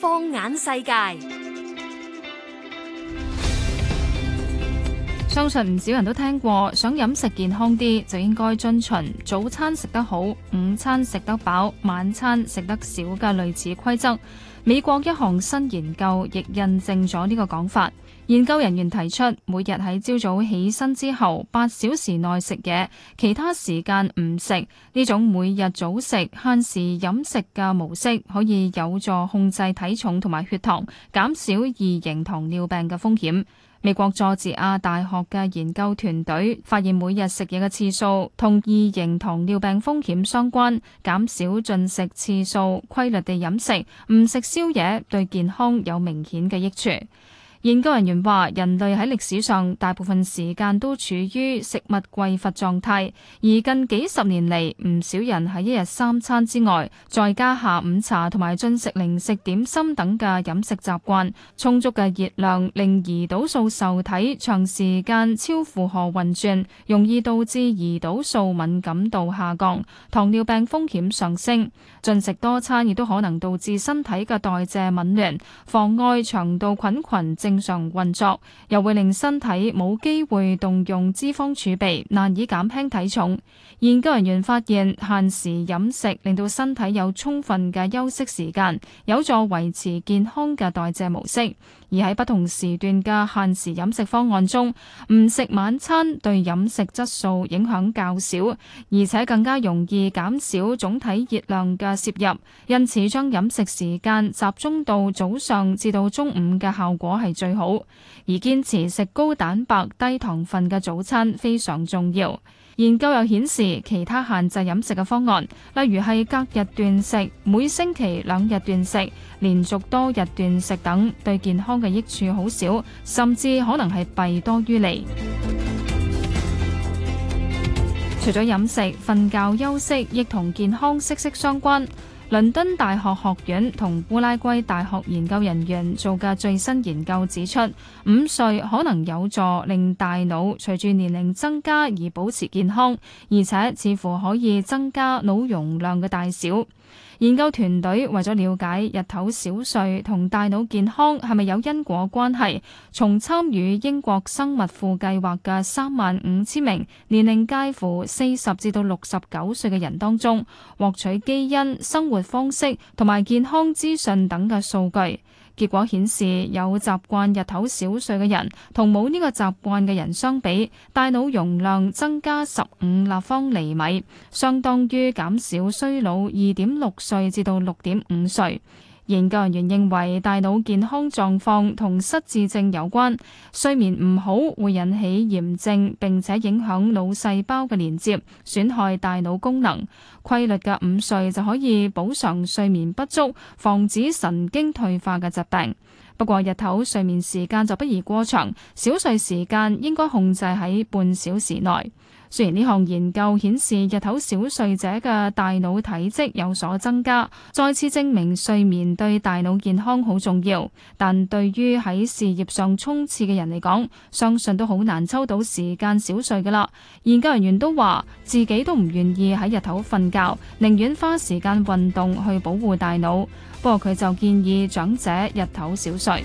放眼世界，相信唔少人都聽過，想飲食健康啲，就應該遵循早餐食得好、午餐食得飽、晚餐食得少嘅類似規則。美國一項新研究亦印證咗呢個講法。研究人員提出，每日喺朝早起身之後八小時內食嘢，其他時間唔食。呢種每日早食限時飲食嘅模式，可以有助控制體重同埋血糖，減少二型糖尿病嘅風險。美國佐治亞大學嘅研究團隊發現，每日食嘢嘅次數同二型糖尿病風險相關，減少進食次數，規律地飲食，唔食宵夜，對健康有明顯嘅益處。研究人員話：人類喺歷史上大部分時間都處於食物匱乏狀態，而近幾十年嚟唔少人喺一日三餐之外，再加下午茶同埋進食零食、點心等嘅飲食習慣。充足嘅熱量令胰島素受體長時間超負荷運轉，容易導致胰島素敏感度下降，糖尿病風險上升。進食多餐亦都可能導致身體嘅代謝紊亂，妨礙腸道菌群正正常運作，又會令身體冇機會動用脂肪儲備，難以減輕體重。研究人員發現，限時飲食令到身體有充分嘅休息時間，有助維持健康嘅代謝模式。而喺不同時段嘅限時飲食方案中，唔食晚餐對飲食質素影響較少，而且更加容易減少總體熱量嘅攝入。因此，將飲食時間集中到早上至到中午嘅效果係。最好而，堅持食高蛋白低糖分嘅早餐非常重要。研究又顯示，其他限制飲食嘅方案，例如係隔日斷食、每星期兩日斷食、連續多日斷食等，對健康嘅益處好少，甚至可能係弊多於利。除咗飲食、瞓覺、休息，亦同健康息息相關。倫敦大學學院同烏拉圭大學研究人員做嘅最新研究指出，午睡可能有助令大腦隨住年齡增加而保持健康，而且似乎可以增加腦容量嘅大小。研究團隊為咗了解日頭小睡同大腦健康係咪有因果關係，從參與英國生物庫計劃嘅三萬五千名年齡介乎四十至到六十九歲嘅人當中，獲取基因、生活方式同埋健康資訊等嘅數據。結果顯示，有習慣日頭小睡嘅人同冇呢個習慣嘅人相比，大腦容量增加十五立方厘米，相當於減少衰老二點。六歲至到六點五歲，研究人員認為大腦健康狀況同失智症有關，睡眠唔好會引起炎症，並且影響腦細胞嘅連接，損害大腦功能。規律嘅午睡就可以補償睡眠不足，防止神經退化嘅疾病。不過日頭睡眠時間就不宜過長，小睡時間應該控制喺半小時內。雖然呢項研究顯示日頭小睡者嘅大腦體積有所增加，再次證明睡眠對大腦健康好重要。但對於喺事業上衝刺嘅人嚟講，相信都好難抽到時間小睡㗎喇。研究人員都話自己都唔願意喺日頭瞓覺，寧願花時間運動去保護大腦。不過，佢就建議長者日頭小睡。